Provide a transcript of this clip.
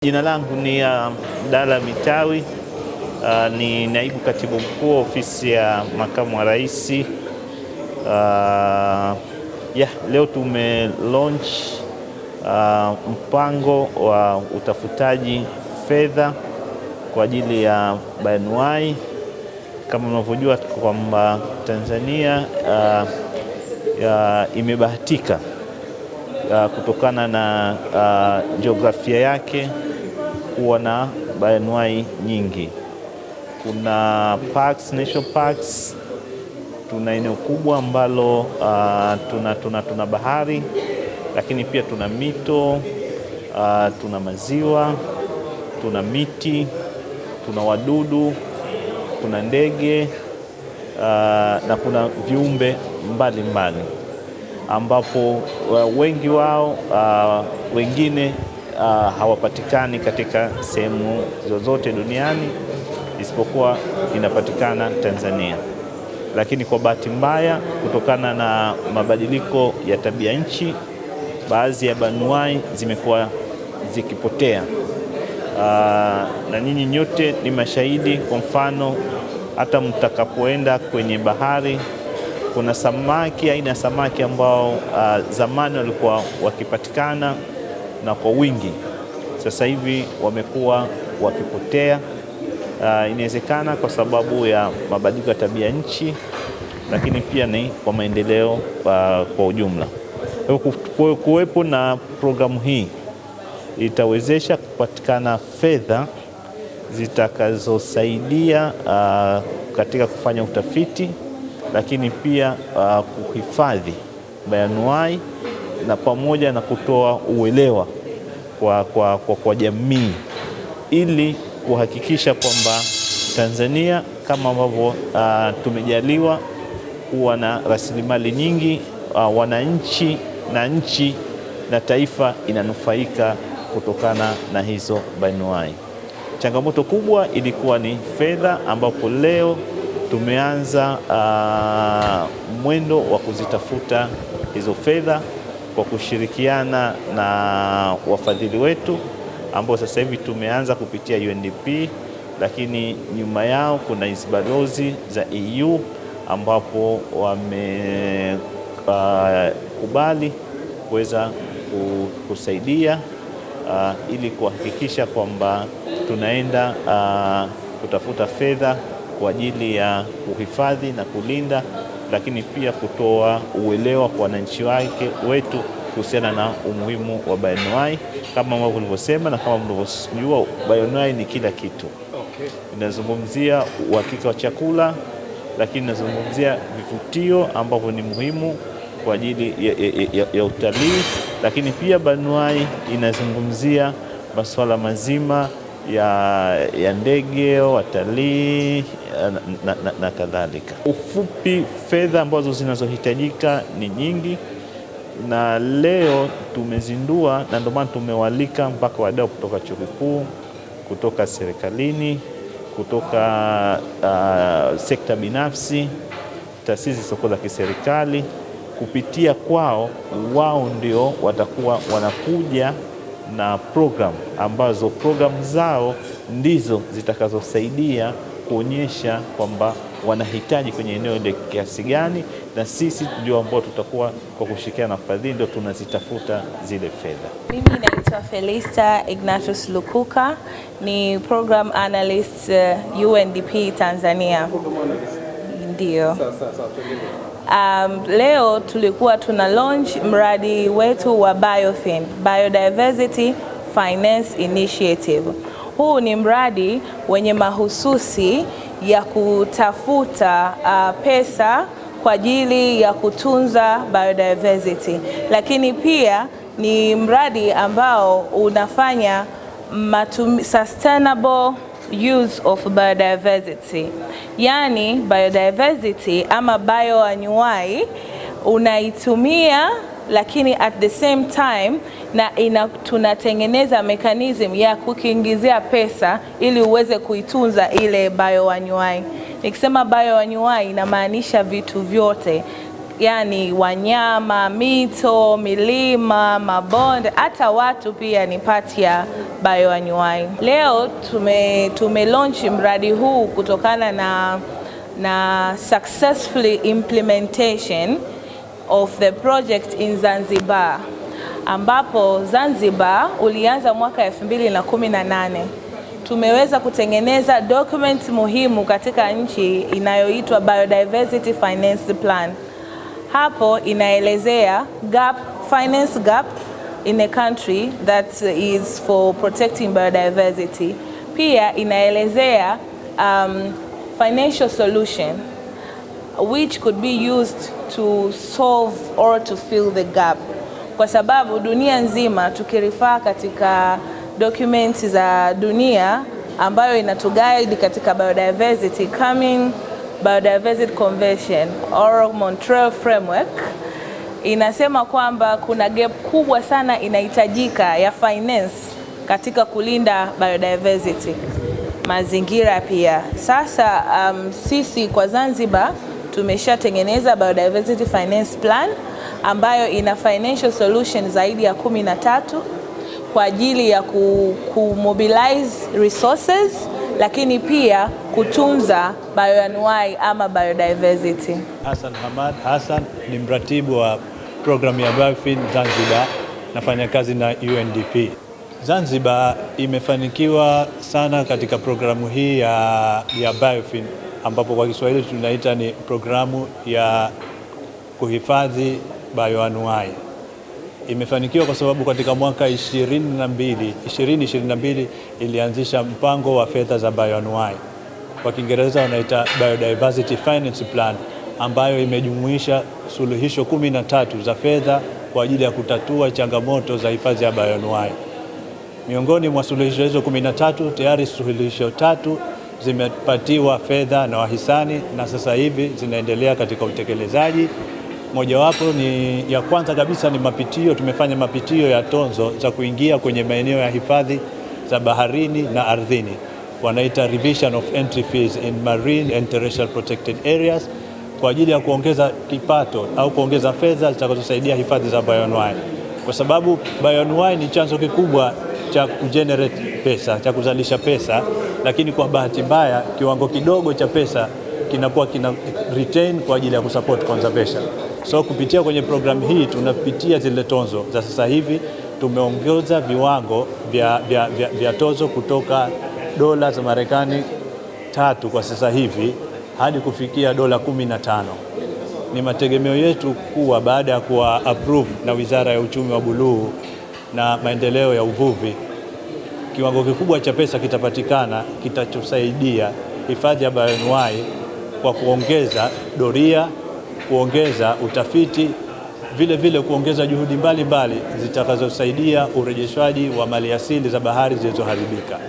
Jina langu ni uh, dala Mitawi uh, ni naibu katibu mkuu ofisi ya makamu wa rais. Uh, yeah, leo tume launch uh, mpango wa utafutaji fedha kwa ajili ya banuai. Kama unavyojua kwamba Tanzania uh, uh, imebahatika uh, kutokana na uh, jiografia yake kuwa na bayanwai nyingi. Kuna parks, national parks, tuna eneo kubwa ambalo uh, tuna, tuna, tuna bahari lakini pia tuna mito uh, tuna maziwa, tuna miti, tuna wadudu, tuna ndege uh, na kuna viumbe mbalimbali ambapo wengi wao uh, wengine uh, hawapatikani katika sehemu zozote duniani isipokuwa inapatikana Tanzania. Lakini kwa bahati mbaya, kutokana na mabadiliko ya tabia nchi, baadhi ya banuai zimekuwa zikipotea. Uh, na nyinyi nyote ni mashahidi. Kwa mfano, hata mtakapoenda kwenye bahari kuna samaki aina ya samaki ambao uh, zamani walikuwa wakipatikana na kwa wingi. Sasa hivi wamekuwa wakipotea. Uh, inawezekana kwa sababu ya mabadiliko ya tabia nchi, lakini pia ni kwa maendeleo uh, kwa ujumla. Kuwepo na programu hii itawezesha kupatikana fedha zitakazosaidia uh, katika kufanya utafiti, lakini pia uh, kuhifadhi bayanuai na pamoja na kutoa uelewa kwa, kwa, kwa, kwa jamii ili kuhakikisha kwamba Tanzania kama ambavyo uh, tumejaliwa kuwa na rasilimali nyingi uh, wananchi na nchi na taifa inanufaika kutokana na hizo bainuai. Changamoto kubwa ilikuwa ni fedha, ambapo leo tumeanza uh, mwendo wa kuzitafuta hizo fedha kwa kushirikiana na wafadhili wetu ambao sasa hivi tumeanza kupitia UNDP, lakini nyuma yao kuna hizi balozi za EU ambapo wamekubali uh, kuweza kusaidia uh, ili kuhakikisha kwamba tunaenda uh, kutafuta fedha kwa ajili ya kuhifadhi na kulinda lakini pia kutoa uelewa kwa wananchi wake wetu kuhusiana na umuhimu wa bioanuwai kama ambavyo ulivyosema na kama mlivyojua, bioanuwai ni kila kitu. Inazungumzia uhakika wa chakula, lakini inazungumzia vivutio ambavyo ni muhimu kwa ajili ya, ya, ya, ya utalii, lakini pia bioanuwai inazungumzia masuala mazima ya, ya ndege, watalii na, na, na kadhalika. Ufupi, fedha ambazo zinazohitajika ni nyingi, na leo tumezindua na ndio maana tumewalika mpaka wadau kutoka chuo kikuu, kutoka serikalini, kutoka uh, sekta binafsi, taasisi soko za kiserikali. Kupitia kwao, wao ndio watakuwa wanakuja na program ambazo programu zao ndizo zitakazosaidia kuonyesha kwamba wanahitaji kwenye eneo ile kiasi gani, na sisi ndio ambao tutakuwa kwa kushirikiana na fadhili ndio tunazitafuta zile fedha. Mimi naitwa Felista Ignatius Lukuka, ni program analyst UNDP uh, Tanzania. Ndiyo. Um, leo tulikuwa tuna launch mradi wetu wa Biofin, Biodiversity Finance Initiative. Huu ni mradi wenye mahususi ya kutafuta uh, pesa kwa ajili ya kutunza biodiversity, lakini pia ni mradi ambao unafanya matumi, sustainable use of biodiversity. yani biodiversity ama bioanuwai unaitumia lakini at the same time na ina, tunatengeneza mechanism ya kukiingizia pesa ili uweze kuitunza ile bioanuwai. Nikisema bioanuwai inamaanisha vitu vyote yani wanyama, mito, milima, mabonde, hata watu pia ni pati ya bayoanyuai. Leo tume, tume launch mradi huu kutokana na, na successfully implementation of the project in Zanzibar ambapo Zanzibar ulianza mwaka 2018 tumeweza kutengeneza document muhimu katika nchi inayoitwa Biodiversity Finance Plan hapo inaelezea gap, finance gap in a country that is for protecting biodiversity. Pia inaelezea um, financial solution which could be used to solve or to fill the gap, kwa sababu dunia nzima tukirifaa katika dokumenti za dunia ambayo inatuguide katika biodiversity coming Biodiversity Convention or Montreal Framework inasema kwamba kuna gap kubwa sana inahitajika ya finance katika kulinda biodiversity mazingira pia. Sasa um, sisi kwa Zanzibar tumeshatengeneza biodiversity finance plan ambayo ina financial solution zaidi ya kumi na tatu kwa ajili ya kumobilize resources lakini pia kutunza bioanuai ama biodiversity. Hassan Hamad Hassan ni mratibu wa programu ya BioFin Zanzibar, nafanya kazi na UNDP. Zanzibar imefanikiwa sana katika programu hii ya, ya BioFin ambapo kwa Kiswahili tunaita ni programu ya kuhifadhi bioanuai imefanikiwa kwa sababu katika mwaka 22 2022 ilianzisha mpango wa fedha za bioanuai, kwa Kiingereza wanaita biodiversity finance plan, ambayo imejumuisha suluhisho kumi na tatu za fedha kwa ajili ya kutatua changamoto za hifadhi ya bioanuai. Miongoni mwa suluhisho hizo kumi na tatu, tayari suluhisho tatu zimepatiwa fedha na wahisani na sasa hivi zinaendelea katika utekelezaji. Mojawapo ni ya kwanza kabisa ni mapitio. Tumefanya mapitio ya tonzo za kuingia kwenye maeneo ya hifadhi za baharini na ardhini, wanaita revision of entry fees in marine and terrestrial protected areas kwa ajili ya kuongeza kipato au kuongeza fedha zitakazosaidia hifadhi za bioanuwai, kwa sababu bioanuwai ni chanzo kikubwa cha kugenerate pesa, cha kuzalisha pesa, lakini kwa bahati mbaya kiwango kidogo cha pesa kinakuwa kina retain kwa ajili ya kusupport conservation. So kupitia kwenye programu hii tunapitia zile tozo za sasa hivi, tumeongeza viwango vya, vya, vya, vya tozo kutoka dola za Marekani tatu kwa sasa hivi hadi kufikia dola kumi na tano. Ni mategemeo yetu kuwa baada ya kuwa approve na Wizara ya Uchumi wa Buluu na Maendeleo ya Uvuvi, kiwango kikubwa cha pesa kitapatikana kitachosaidia hifadhi ya bayoanuai kwa kuongeza doria kuongeza utafiti, vile vile kuongeza juhudi mbalimbali zitakazosaidia urejeshwaji wa mali asili za bahari zilizoharibika.